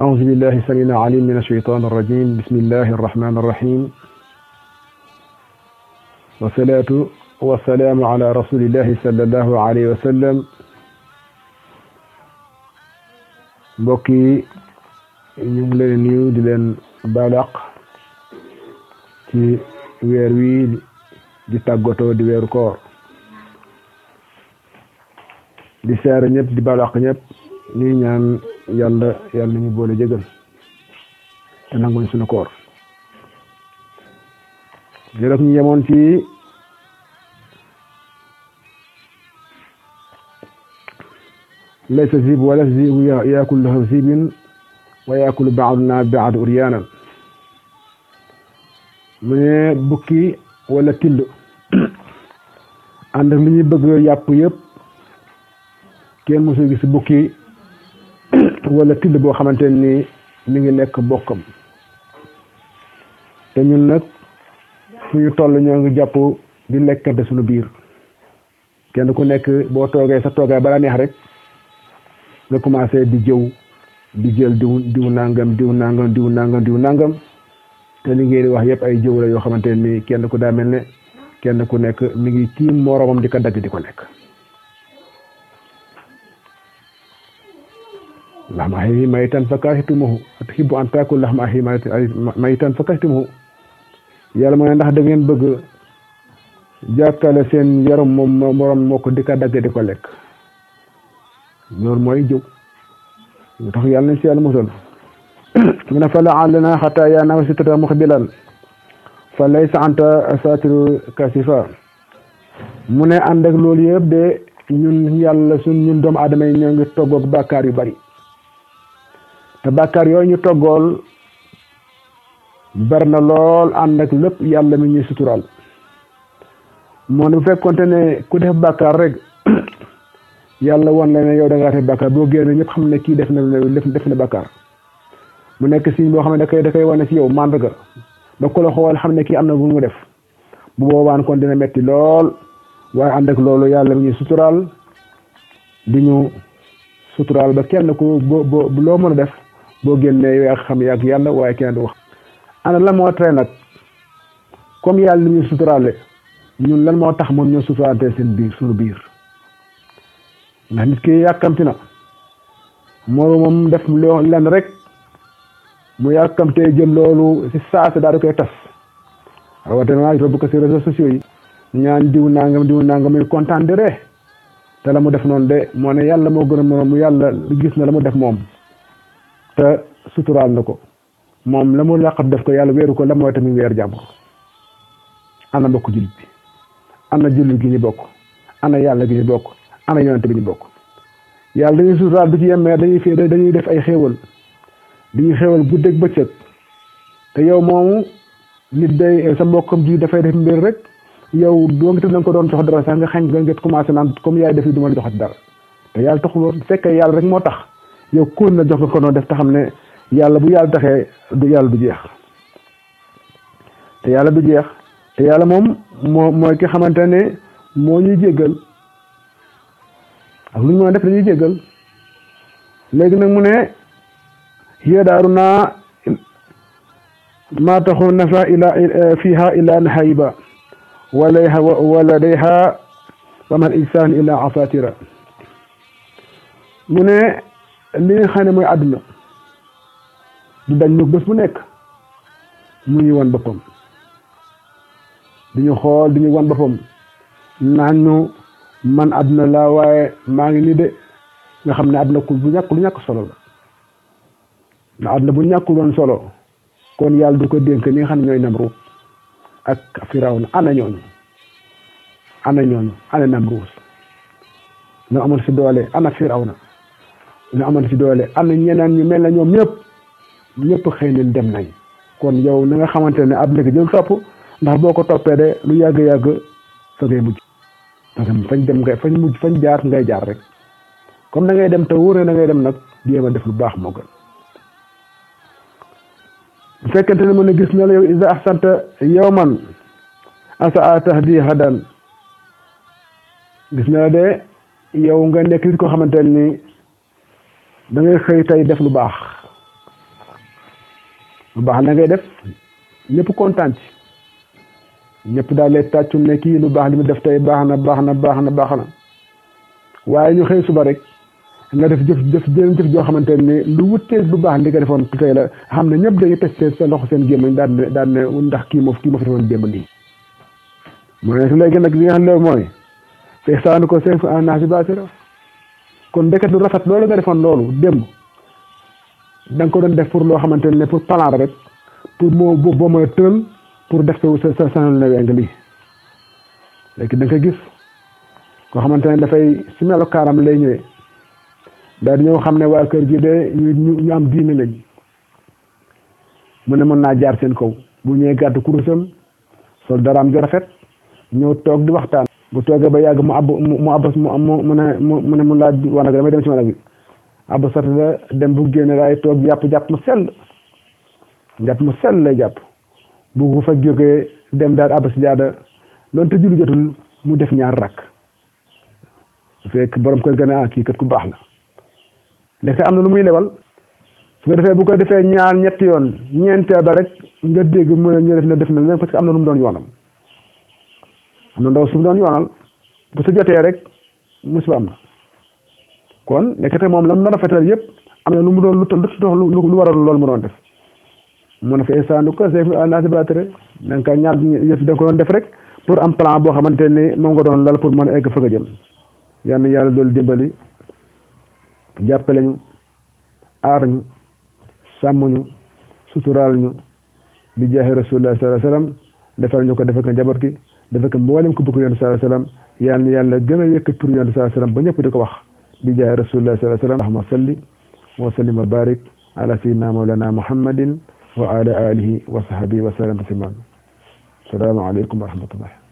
أعوذ بالله السميع العليم من الشيطان الرجيم بسم الله الرحمن الرحيم والصلاة والسلام على رسول الله صلى الله عليه وسلم mbokk yi ñu ngi leen nuyu di leen balaq ci weer wi di tàggatoo di weeru koor di seere ñëpp di balaq ñëpp ñuy ñaan yàlla yàlla nañu boole jëgal te nanguñ suñu koor li daf ñu yemoon ci laysa zib wala zib yaakul lahu zibin wa yaakul baaduna baad uryaanan mu ne bukki wala till ànd ak li ñuy bëgg yàpp yëpp kenn mosul gis bukki wala till bo xamanteni ni mi ngi nek bokkam te ñun nak suñu toll ñoo ngi jàpp di de suñu biir kenn ku nek bo toge sa toogaay balaa neex rek nga commencé di jëw di jël di diw nangam diw nangam diw nangam diw nangam te li ngeen di wax yépp ay jëw la yoo xamante ni kenn ku daa mel ne kenn ku nekk mi ngi tiim moromam di ko dagg di ko lekk lahma axihi mayitan fa karihtumuhu tuhibbu an taakula lahma axihi mayitan fa karihtumuhu yàlla mooy ndax da ngeen bëgg jàppale seen yaram moom moo ko di ka dagg di ko lekk loolu mooy jëw ñu tax yàlla nañ si yàlla mosal mu ne fa la alana xata yaa naa sitata muxbilan fa laysa anta satiru kasifa mu ne ànd ak loolu yëpp de ñun yàlla suñ ñun doomu aadama yi ñoo ngi toggoog bàkkaar yu bari te bàkkaar yooyu ñu toggool bari na lool ànd ak lépp yàlla mi ñuy sutural moo ne bu fekkonte ne ku def bàkkaar rek yàlla wan la ne yow da ngaa def bàkkaar boo génne ñëpp xam ne kii def na def na bàkkaar mu nekk signe boo xam ne da koy da koy wane si yow màndarga ba ku xool xam ne kii am na bu mu def bu boobaan kon dina metti lool waaye ànd ak loolu yàlla mi ñuy sutural di ñu sutural ba kenn ku boo loo mën a def. boo génnee yaa xam yaa yàlla waaye kenn du wax ana lan moo tere nag comme yàlla ni ñu suturaale ñun lan moo tax moom ñoo suturaante seen biir suñu biir ndax nit ki yàkkamti na moo moom def loo lenn rek mu yàkkamtee jëm loolu si saasa daal di koy tas rawatina naa yóbbu ko si réseaux sociaux yi ñaan diw nangam diw nangam muy kontaan de te la mu def noonu de moo ne yàlla moo gën a moroom mu yàlla gis na la mu def moom te suturaal na ko moom la mu làqat def ko yàlla weeru ko la mooy tamit weer jàmbur ana mbokk jullit bi ana jullit gi ñu bokk ana yàlla gi ñu bokk ana yonent bi ñu bokk yàlla dañuy suturaal du ci dañuy fi dañuy def ay xéewal dañuy xéewal guddeeg bëccëg te yow moomu nit day sa mbokkam ji dafay def mbir rek yaw doo ngi tam ko doon jox dara sax nga xañ nga nga commencé naan comme yaay def li du ma la dara te yàlla taxul woon fekkee yàlla rek moo tax yow kon na jox def te xam ne yàlla bu yàlla taxee du yàlla du jeex te yàlla du jeex te yàlla moom moo mooy ki xamante ne moo ñuy jéggal ak lu def dañuy jéggal léegi nag mu ne yéedaaru naa maa taxu nafa ila fiha ila nahayiba walayha waladayha wamal insaan ila asatira mu li nga xam mooy àdduna du dañ mu bés bu nekk mu ñuy wan boppam di ñu xool di ñu wan boppam naan ñu man àdduna la waaye maa ngi nii de nga xam ne àdduna ku bu ñàkk lu ñàkk solo la na àdduna bu ñàkk woon solo kon yàlla du ko dénk ñi nga xam ne ñooy Namruud ak Firawna ana ñooñu ana ñooñu ana Namruud la amoon si doole ana na ñu amante fi doole am na ñeneen mel na ñoom ñëpp ñëpp xëy dem nañ kon yow na nga xamante ne ab ndëkk jël topp ndax boo ko toppee de lu yàgg yàgg fa ngay mujj parce que fañ dem ngay fañ mujj fañ jaar ngay jaar rek comme da ngay dem te wóor na ngay dem nag jéem a def lu baax moo gën bu fekkente ne gis na la yow isa ahsanta yawman asa a tahdi hadan gis na la de yow nga nekk nit ko xamante ni da ngay xëy tey def lu baax lu baax la ngay def ñëpp kontaan ci ñëpp daal lay tàccu ne kii lu baax li mu def tey baax na baax na baax na baax na waaye ñu xëy suba rek nga def jëf jëf jëf jëf joo xamante ne lu wutee lu baax li nga defoon tey la xam ne ñëpp dañuy testé seen loxo seen gémmañ daan ne daan ne ndax kii moo kii moo fi defoon démb lii mooy léegi nag li nga xam ne mooy te saanu ko seen en naasi baasira kon ndeket lu rafet loolu nga defoon loolu démb da ko doon def pour loo xamante ne pour plan rek pour moo boo mën a pour def sa sa sa nawee nga lii léegi da nga gis koo xamante ne dafay si melokaaram lay ñëwee daal di ñëw xam ne waa kër gi de ñu ñu am diine lañ mu ne mën naa jaar seen kaw bu ñëwee gàtt kurusam sol daraam ju rafet ñëw toog di waxtaan. bu toogee ba yàgg mu ab mu abbas mu mu mu ne mu ne mu laaj wanag damay dem ci wanag bi abba sat la dem bu génne raay toog jàpp jàpp mu sell jàpp mu sell lay jàpp bu bu fa jógee dem daal abba si jaada loolu te julli jotul mu def ñaar rakk fekk borom koy ga ne ah kii kat ku baax la léegi am na lu muy lebal su ko defee bu ko defee ñaar ñetti yoon ñeenteel ba rek nga dégg mu ne ñu def na def na leen parce am na lu mu doon yoonam am na ndaw suuf doon yoonal bu su jotee rek musiba am na kon nekkate moom la mu doon rafetal yëpp am na lu mu doon lu lu lu waral loolu mu doon def mu ne fa instant ko c' est na nga ñaar yëf da nga ko doon def rek pour am plan boo xamante ni moom ko doon lal pour mën a egg fa nga jëm yal na yàlla doolu dimbali jàppale ñu aar ñu sàmm ñu suturaal ñu bi jaahi rasulullah sallallahu alayhi wa sallam defal ñu ko defal ko njaboot gi. dafa ko mboolem ko bëgg yalla sallallahu alayhi wasallam yàlla yàlla gëna yëk tur yalla sallallahu alayhi wasallam ba ñëpp di ko wax di jaay rasulullah sallallahu alayhi wasallam salli wa sallim wa barik ala sayyidina mawlana muhammadin wa ala alihi wa sahbihi wa sallam tasliman salaamu aleykum wa rahmatullah